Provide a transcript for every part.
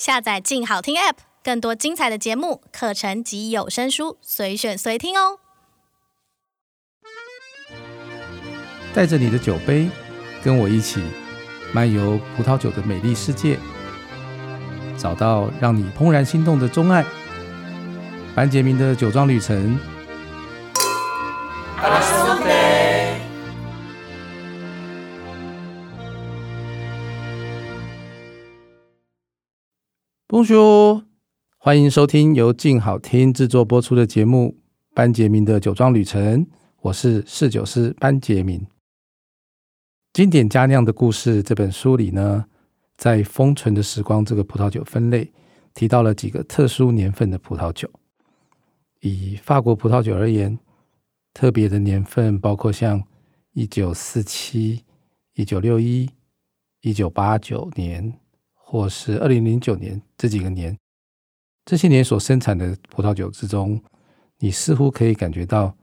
下載“靜好聽 ”App，更多精彩的節目、課程及有聲書，隨選隨聽哦。帶着你的酒杯，跟我一起漫遊葡萄酒的美麗世界，找到讓你怦然心動的鍾愛。班傑銘的酒莊旅程。啊同學，歡迎收聽由靜好聽制作播出的節目《班傑銘的酒莊旅程》，我是侍酒師班傑銘。《經典佳釀的故事》這本書裡呢，在封存的時光這個葡萄酒分類提到了幾個特殊年份的葡萄酒。以法國葡萄酒而言，特別的年份包括像一九四七、一九六一、一九八九年。或是二零零九年這幾個年，這些年所生產的葡萄酒之中，你似乎可以感覺到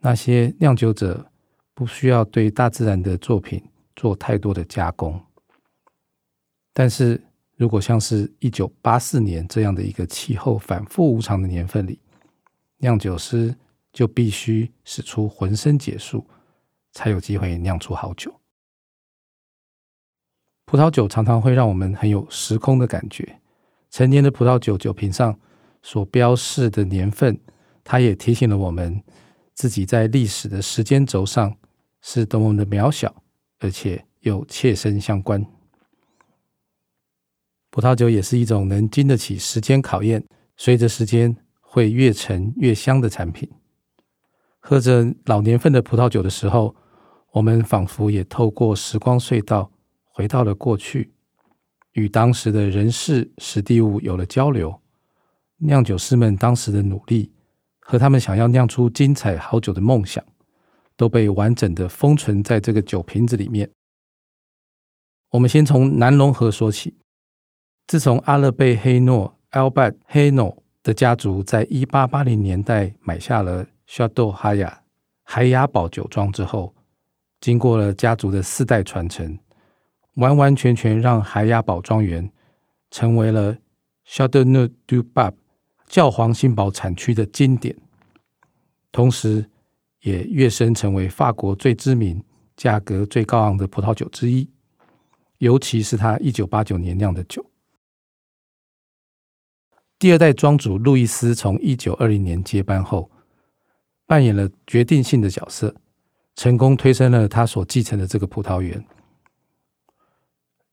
那些釀酒者不需要對大自然的作品做太多的加工。但是，如果像是一九八四年這樣的一個氣候反覆無常的年份裡，釀酒師就必須使出渾身解數，才有機會釀出好酒。葡萄酒常常會讓我們很有時空的感覺，陳年的葡萄酒酒瓶上所標示的年份，它也提醒了我們自己在歷史的時間軸上是多麼的渺小，而且又切身相關。葡萄酒也是一種能經得起時間考驗，隨着時間會越陳越香的產品。喝着老年份的葡萄酒的時候，我們仿佛也透過時光隧道，回到了過去，與當時的人事時地物有了交流，釀酒師們當時的努力和他們想要釀出精彩好酒的夢想，都被完整地封存在這個酒瓶子裡面。我們先從南隆河說起。自從阿勒貝黑諾 （Albert Haino） 的家族在1880年代買下了 Château Rayas 哈雅堡酒莊之後，經過了家族的四代傳承。完完全全讓海雅堡莊園成為了 Châteauneuf-du-Pape 教皇新堡產區的經典，同時也躍升成為法國最知名、價格最高昂的葡萄酒之一。尤其是他一九八九年釀的酒。第二代莊主路易斯從一九二零年接班後，扮演了決定性的角色，成功推升了他所繼承的這個葡萄園。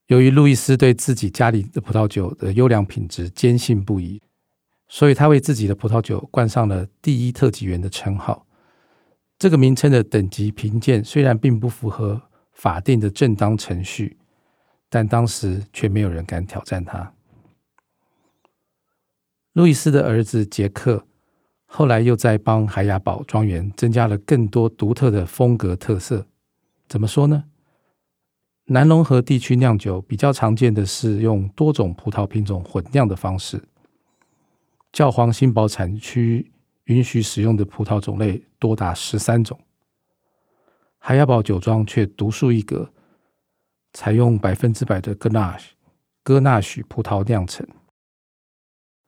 由於路易斯對自己家裡的葡萄酒的優良品質堅信不疑，所以他為自己的葡萄酒冠上了“第一特級園”的稱號。這個名稱的等級評鑑雖然並不符合法定的正當程序，但當時卻沒有人敢挑戰他。路易斯的兒子傑克後來又在幫海雅堡莊園增加了更多獨特的風格特色。怎麼說呢？南隆河地區釀酒比較常見的是用多種葡萄品種混釀的方式。教皇新堡產區允許使用的葡萄種類多達十三種，海雅堡酒莊卻獨樹一格，採用百分之百的歌納許歌納許葡萄釀成。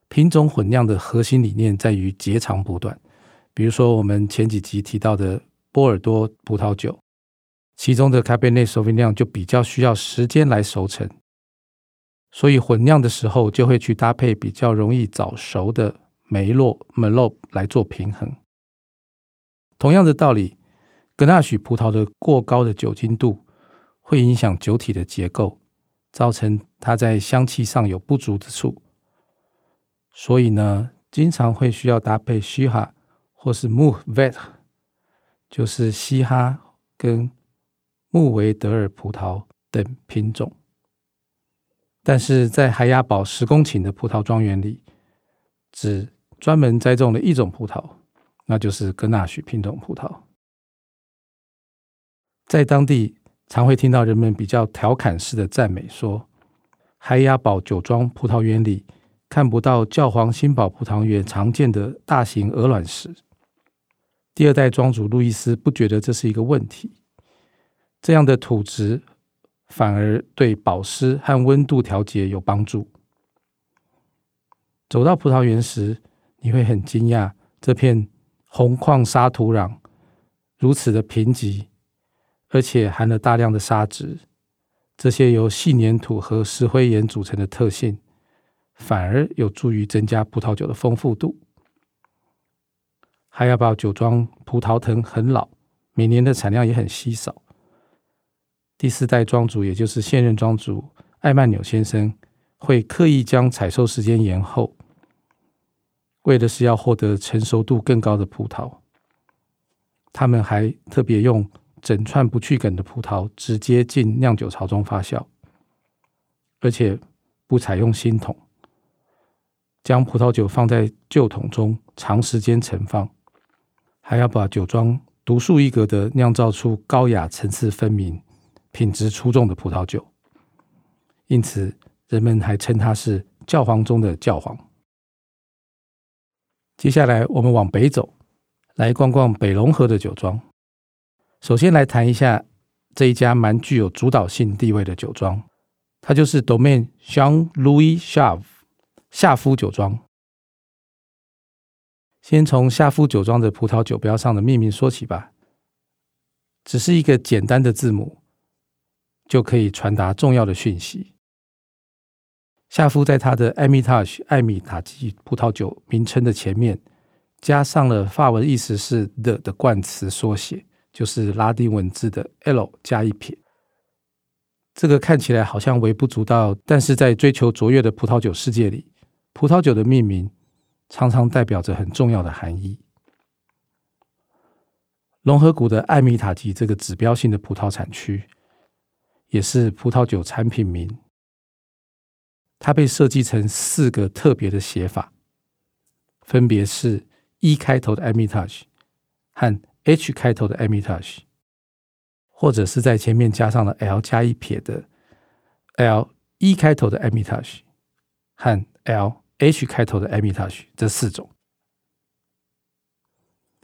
品種混釀的核心理念在於截長補短，比如說我們前幾集提到的波爾多葡萄酒。其中的卡本內蘇維濃就比較需要時間來熟成，所以混釀的時候就會去搭配比較容易早熟的梅洛梅洛來做平衡。同樣的道理，格納許葡萄的過高的酒精度會影響酒體的結構，造成它在香氣上有不足之處，所以呢，經常會需要搭配西哈或是穆維特，就是西哈跟穆維德爾葡萄等品種，但是在海雅堡十公頃的葡萄莊園裡，只專門栽種了一種葡萄，那就是格納許品種葡萄。在當地常會聽到人們比較調侃式的讚美，說海雅堡酒莊葡萄園裡看不到教皇新堡葡萄園常見的大型鵝卵石。第二代莊主路易斯不覺得這是一個問題。這樣的土質反而對保濕和溫度調節有幫助。走到葡萄園時，你會很驚訝，這片紅礦砂土壤如此的貧瘠，而且含了大量的沙質。這些由細粘土和石灰岩組成的特性，反而有助於增加葡萄酒的豐富度。還要把酒莊葡萄藤很老，每年的產量也很稀少。第四代莊主，也就是現任莊主艾曼紐先生，會刻意將採收時間延後，為的是要獲得成熟度更高的葡萄。他們還特別用整串不去梗的葡萄直接進釀酒槽中發酵，而且不採用新桶，將葡萄酒放在舊桶中長時間存放，還要把酒莊獨樹一格地釀造出高雅、層次分明。品質出眾的葡萄酒，因此人們還稱它是教皇中的教皇。接下來，我們往北走，來逛逛北龍河的酒莊。首先，來談一下這一家蠻具有主導性地位的酒莊，它就是 Domaine Jean Louis Chave 夏夫酒莊。先從夏夫酒莊的葡萄酒標上的秘密說起吧，只是一個簡單的字母。就可以傳達重要的訊息。夏夫在他的 Amitage，艾米塔奇（艾米塔奇）葡萄酒名稱的前面加上了法文，意思是“的”的冠詞縮寫，就是拉丁文字的 “L” 加一撇。這個看起來好像微不足道，但是在追求卓越的葡萄酒世界裡，葡萄酒的命名常常代表着很重要的含義。隆河谷的艾米塔奇這個指標性的葡萄產區也是葡萄酒產品名，它被設計成四個特別的寫法，分別是 E 開頭的艾米塔什和 H 開頭的艾米塔什，或者是在前面加上了 L 加一撇的 L E 開頭的艾米塔什和 L H 開頭的艾米塔什這四種。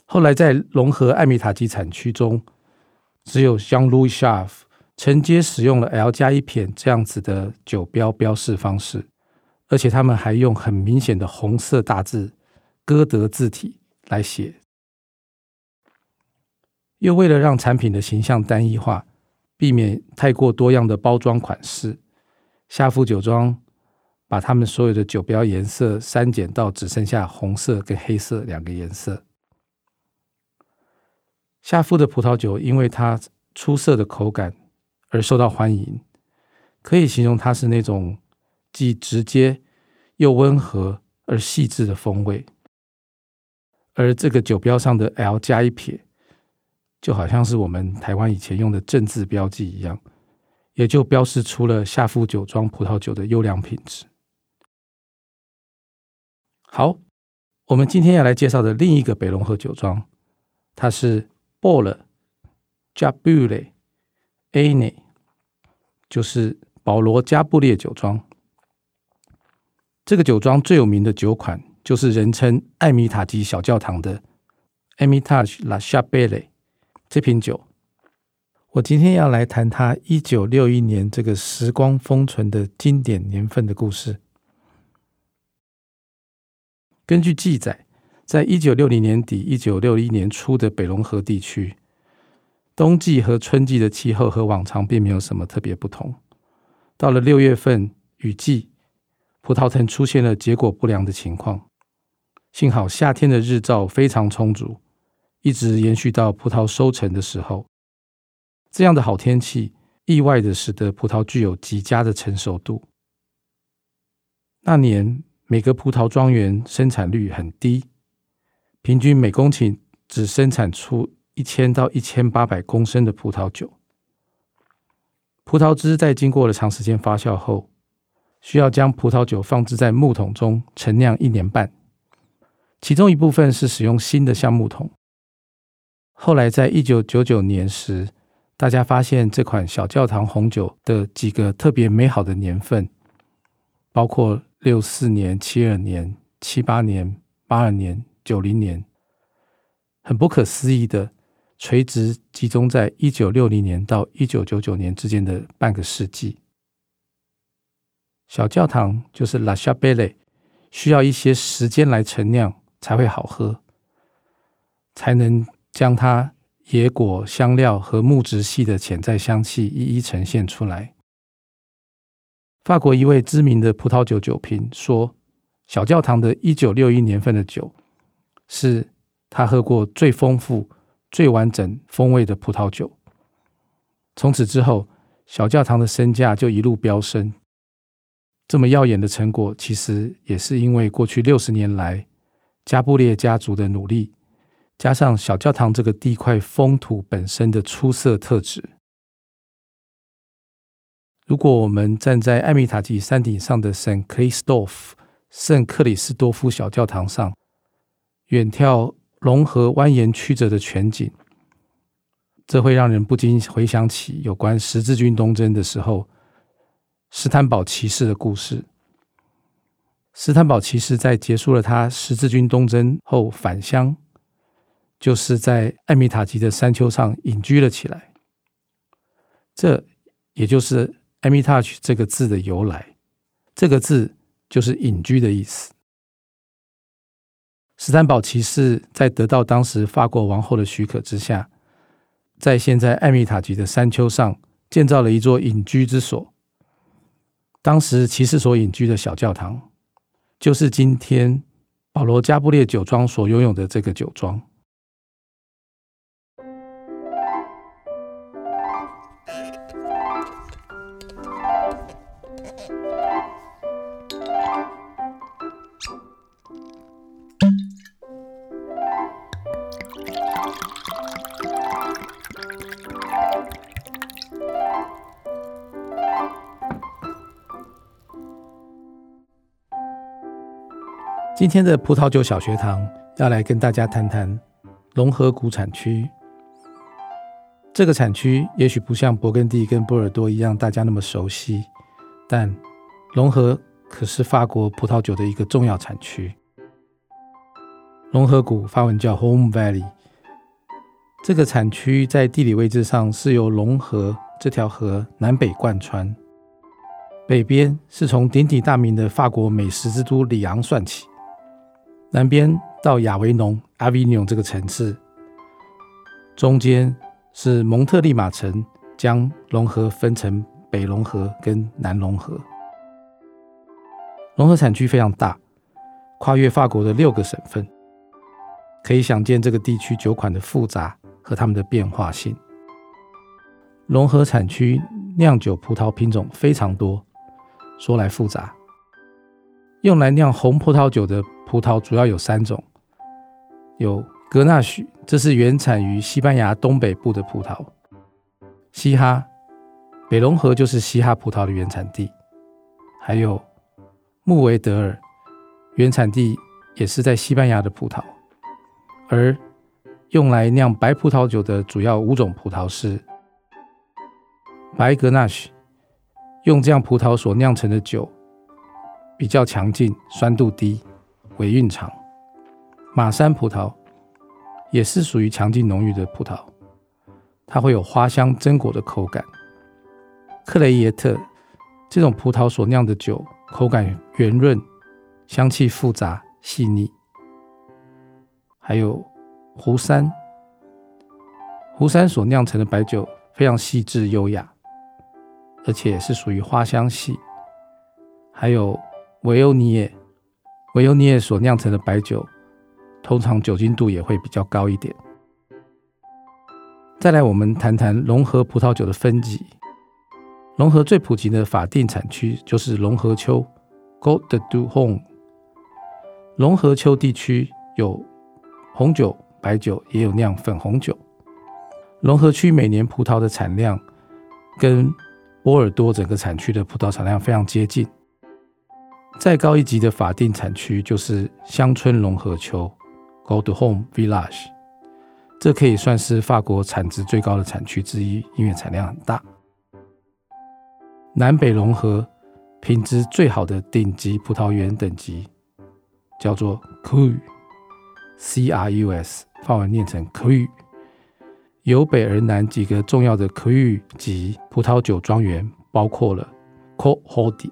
後來在隆河艾米塔基產區中，只有 Jean Louis Chave 承接使用了 L 加一撇這樣子的酒標標示方式，而且他們還用很明顯的紅色大字歌德字體來寫。又為了讓產品的形象單一化，避免太過多樣的包裝款式，夏夫酒莊把他們所有的酒標顏色刪減到只剩下紅色跟黑色兩個顏色。夏夫的葡萄酒，因為它出色的口感，而受到歡迎，可以形容它是那種既直接又溫和而細緻的風味。而這個酒標上的 L 加一撇，就好像是我們台灣以前用的正字標記一樣，也就標示出了夏夫酒莊葡萄酒的優良品質。好，我們今天要來介紹的另一個北隆河酒莊，它是 Paul Jaboulet。Aîné 就是保羅加布列酒莊，這個酒莊最有名的酒款就是人稱艾米塔基小教堂的 Hermitage La Chapelle 這瓶酒。我今天要來談它一九六一年這個時光封存的經典年份的故事。根據記載，在一九六零年底、一九六一年初的北隆河地區。冬季和春季的氣候和往常並沒有什麼特別不同。到了六月份雨季，葡萄藤出現了結果不良的情況。幸好夏天的日照非常充足，一直延續到葡萄收成的時候。這樣的好天氣意外的使得葡萄具有極佳的成熟度。那年每個葡萄莊園生產率很低，平均每公頃只生產出，一千到一千八百公升的葡萄酒，葡萄汁在經過了長時間發酵後，需要將葡萄酒放置在木桶中陳釀一年半，其中一部分是使用新的橡木桶。後來在一九九九年時，大家發現這款小教堂紅酒的幾個特別美好的年份，包括六四年、七二年、七八年、八二年、九零年，很不可思議的。垂直集中在一九六零年到一九九九年之間的半個世紀。小教堂就是拉夏貝勒，需要一些時間來陳釀才會好喝，才能將它野果、香料和木質系的潛在香氣一一呈現出來。法國一位知名的葡萄酒酒評說，小教堂的一九六一年份的酒是他喝過最豐富最完整風味的葡萄酒。從此之後，小教堂的身價就一路飆升。這麼耀眼的成果，其實也是因為過去六十年來加布列家族的努力，加上小教堂這個地塊風土本身的出色特質。如果我們站在艾米塔吉山頂上的聖克里斯多夫、聖克里斯多夫小教堂上，遠眺。隆河蜿蜒曲折的全景，這會讓人不禁回想起有關十字軍東征的時候，斯坦堡騎士的故事。斯坦堡騎士在結束了他十字軍東征後返鄉，就是在艾米塔吉的山丘上隱居了起來。這也就是“艾米塔吉”這個字的由來，這個字就是“隱居”的意思。斯坦堡騎士在得到當時法國王後的許可之下，在現在艾米塔吉的山丘上建造了一座隱居之所。當時騎士所隱居的小教堂，就是今天保羅加布列酒莊所擁有的這個酒莊。今天的葡萄酒小學堂要來跟大家談談隆河谷產區。這個產區也許不像勃艮第跟波爾多一樣大家那麼熟悉，但隆河可是法國葡萄酒的一個重要產區。隆河谷法文叫 Home Valley，這個產區在地理位置上是由隆河這條河南北貫穿，北邊是從鼎鼎大名的法國美食之都里昂算起。南邊到亞維農 （Avignon） 這個城市，中間是蒙特利馬城，將隆河分成北隆河跟南隆河。隆河產區非常大，跨越法國的六個省份，可以想見這個地區酒款的複雜和它們的變化性。隆河產區釀酒葡萄品種非常多，說來複雜。用來釀紅葡萄酒的葡萄主要有三種，有格納許，這是原產於西班牙東北部的葡萄；西哈，北隆河就是西哈葡萄的原產地；還有穆維德爾，原產地也是在西班牙的葡萄。而用來釀白葡萄酒的主要五種葡萄是白格納許，用這樣葡萄所釀成的酒。比較強勁，酸度低，尾韻長。馬山葡萄也是屬於強勁濃郁的葡萄，它會有花香、榛果的口感。克雷耶特這種葡萄所釀的酒口感圓潤，香氣複雜細膩。還有湖山，湖山所釀成的白酒非常細緻優雅，而且是屬於花香系。還有。維歐尼耶，維歐尼耶所釀成的白酒，通常酒精度也會比較高一點。再來，我們談談隆河葡萄酒的分級。隆河最普及的法定產區就是隆河丘，Côtes du Rhône。隆河丘地區有紅酒、白酒，也有釀粉紅酒。隆河區每年葡萄的產量，跟波爾多整個產區的葡萄產量非常接近。再高一級的法定產區就是鄉村隆河丘 Côtes du Rhône Villages），這可以算是法國產值最高的產區之一，因為產量很大。南北隆河品質最好的頂級葡萄園等級叫做 Cru，C-R-U-S，法文念成 Cru。由北而南幾個重要的 Cru 及葡萄酒莊園包括了 Côte-Rôtie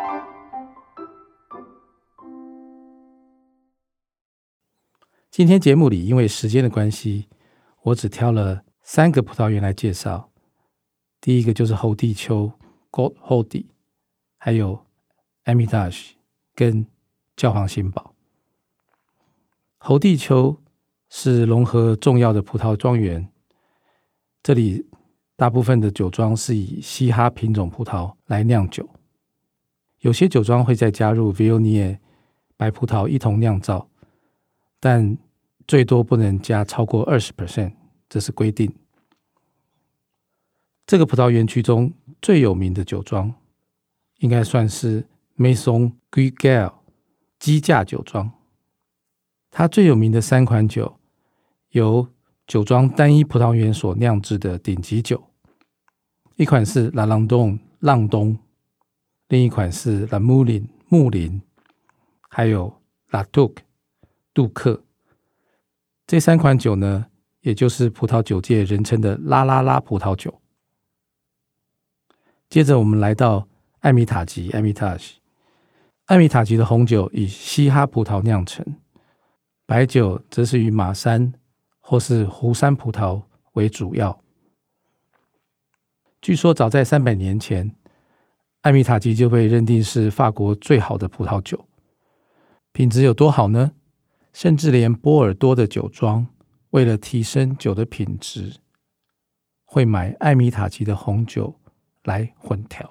今天節目裡，因為時間的關係，我只挑了三個葡萄園來介紹。第一個就是侯地丘 （Côte-Rôtie），還有 Hermitage 跟教皇新堡。侯地丘是隆河重要的葡萄莊園，這裡大部分的酒莊是以希哈品種葡萄來釀酒，有些酒莊會再加入 Viognier 白葡萄一同釀造。但最多不能加超過二十 percent，這是規定。這個葡萄園區中最有名的酒莊，應該算是 Maison Guigal 基架酒莊。它最有名的三款酒，由酒莊單一葡萄園所釀製的頂級酒，一款是拉朗東浪東，另一款是拉穆林穆林，還有拉圖克，杜克，這三款酒呢，也就是葡萄酒界人稱的“拉拉拉”葡萄酒。接着，我們來到艾米塔吉，艾米塔吉，艾米塔吉的紅酒以希哈葡萄釀成，白酒則是以馬珊或是胡珊葡萄為主要。據說，早在三百年前，艾米塔吉就被認定是法國最好的葡萄酒。品質有多好呢？甚至連波爾多的酒莊，為了提升酒的品質，會買艾米塔吉的紅酒來混調。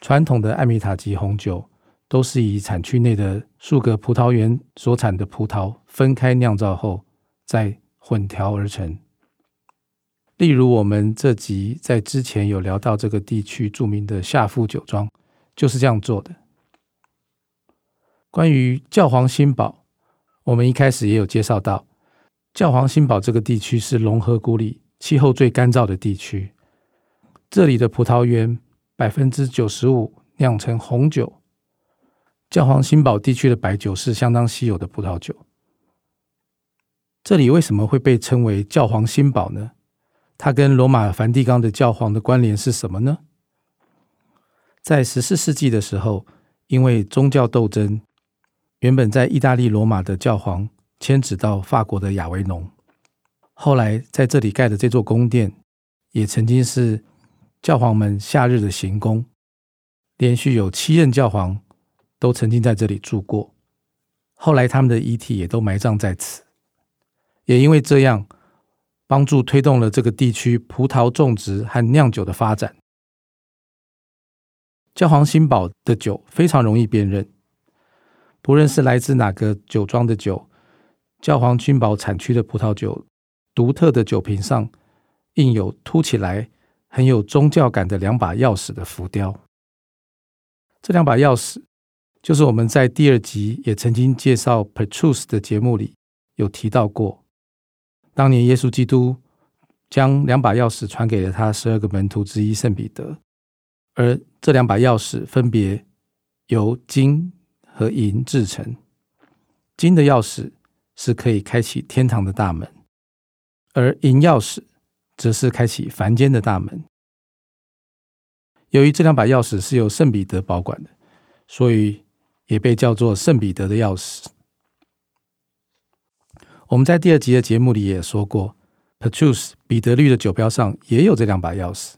傳統的艾米塔吉紅酒都是以產區內的數個葡萄園所產的葡萄分開釀造後，再混調而成。例如，我們這集在之前有聊到這個地區著名的夏夫酒莊，就是這樣做的。關於教皇新堡，我們一開始也有介紹到，教皇新堡這個地區是隆河谷裡氣候最乾燥的地區，這裡的葡萄園百分之九十五釀成紅酒，教皇新堡地區的白酒是相當稀有的葡萄酒。這裡為什麼會被稱為教皇新堡呢？它跟羅馬梵蒂岡的教皇的關聯是什麼呢？在十四世紀的時候，因為宗教鬥爭。原本在意大利羅馬的教皇，遷至到法國的亞維農，後來在這裡蓋的這座宮殿，也曾經是教皇們夏日的行宮。連續有七任教皇都曾經在這裡住過，後來他們的遺體也都埋葬在此。也因為這樣，幫助推動了這個地區葡萄種植和釀酒的發展。教皇新堡的酒非常容易辨認。不論是來自哪個酒莊的酒，教皇君堡產區的葡萄酒，獨特的酒瓶上印有凸起來、很有宗教感的兩把鑰匙的浮雕。這兩把鑰匙就是我們在第二集也曾經介紹《Petrus》的節目裡有提到過。當年耶穌基督將兩把鑰匙傳給了他十二個門徒之一聖彼得，而這兩把鑰匙分別由金。和銀制成，金的鑰匙是可以開啟天堂的大門，而銀鑰匙則是開啟凡間的大門。由於這兩把鑰匙是由聖彼得保管的，所以也被叫做聖彼得的鑰匙。我們在第二集的節目裡也說過，Petrus, 彼得綠的酒標上也有這兩把鑰匙。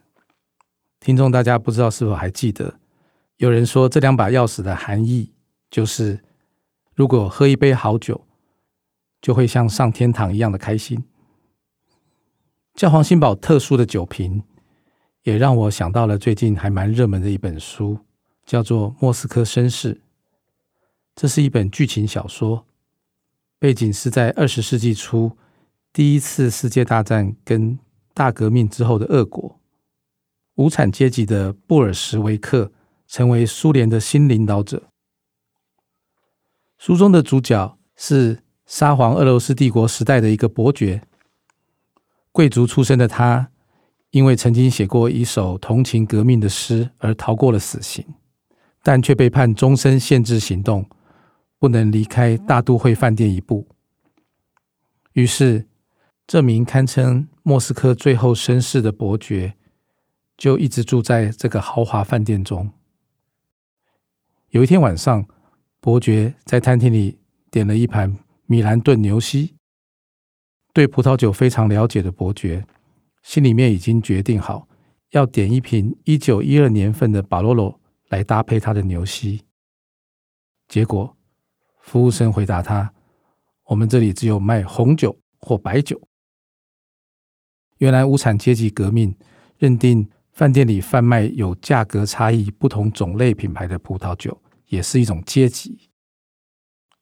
聽眾大家不知道是否還記得？有人說這兩把鑰匙的含義。就是，如果喝一杯好酒，就會像上天堂一樣的開心。教皇新堡特殊的酒瓶，也讓我想到了最近還蠻熱門的一本書，叫做《莫斯科紳士》。這是一本劇情小說，背景是在二十世紀初第一次世界大戰跟大革命之後的俄國，無產階級的布爾什維克成為蘇聯的新領導者。書中的主角是沙皇俄羅斯帝國時代的一個伯爵，貴族出身的他，因為曾經寫過一首同情革命的詩而逃過了死刑，但卻被判終身限制行動，不能離開大都會飯店一步。於是，這名堪稱莫斯科最後紳士的伯爵，就一直住在這個豪華飯店中。有一天晚上，伯爵在餐廳裡點了一盤米蘭燉牛膝。對葡萄酒非常了解的伯爵，心裡面已經決定好，要點一瓶一九一二年份的巴羅洛來搭配他的牛膝。結果，服務生回答他：“我們這裡只有賣紅酒或白酒。”原來，無產階級革命認定飯店裡販賣有價格差異、不同種類品牌的葡萄酒。也是一種階級，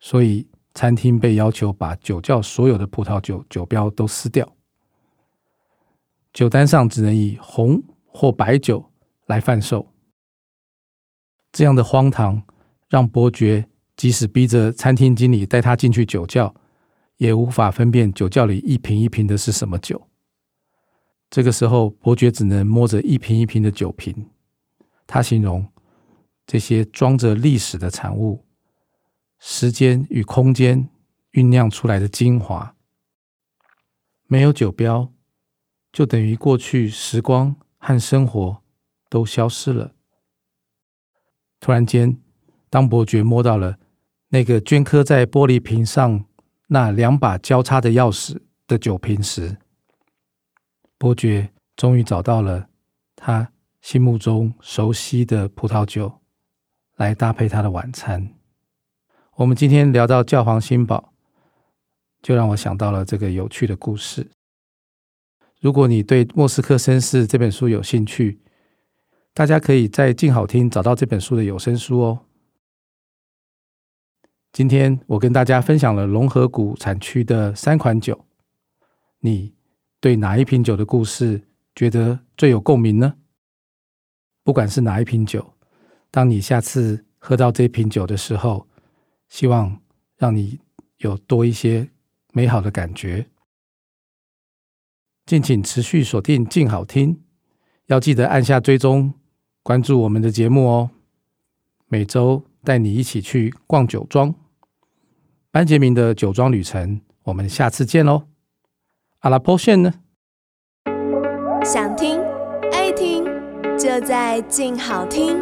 所以餐廳被要求把酒窖所有的葡萄酒酒標都撕掉，酒單上只能以紅或白酒來販售。這樣的荒唐，讓伯爵即使逼着餐廳經理帶他進去酒窖，也無法分辨酒窖裡一瓶一瓶的是什麼酒。這個時候，伯爵只能摸着一瓶一瓶的酒瓶，他形容。這些裝着歷史的產物，時間與空間醞釀出來的精華，沒有酒標，就等於過去時光和生活都消失了。突然間，當伯爵摸到了那個鐫刻在玻璃瓶上那兩把交叉的鑰匙的酒瓶時，伯爵終於找到了他心目中熟悉的葡萄酒，來搭配他的晚餐。我們今天聊到教皇新堡，就讓我想到了這個有趣的故事。如果你對《莫斯科紳士》這本書有興趣，大家可以在靜好聽找到這本書的有聲書哦。今天我跟大家分享了隆河谷產區的三款酒，你對哪一瓶酒的故事覺得最有共鳴呢？不管是哪一瓶酒。當你下次喝到這瓶酒的時候，希望讓你有多一些美好的感覺。敬請持續鎖定“靜好聽”，要記得按下追蹤，關注我們的節目哦。每周帶你一起去逛酒莊，班傑銘的酒莊旅程，我們下次見哦。阿拉波線呢？想聽愛聽，就在“靜好聽”。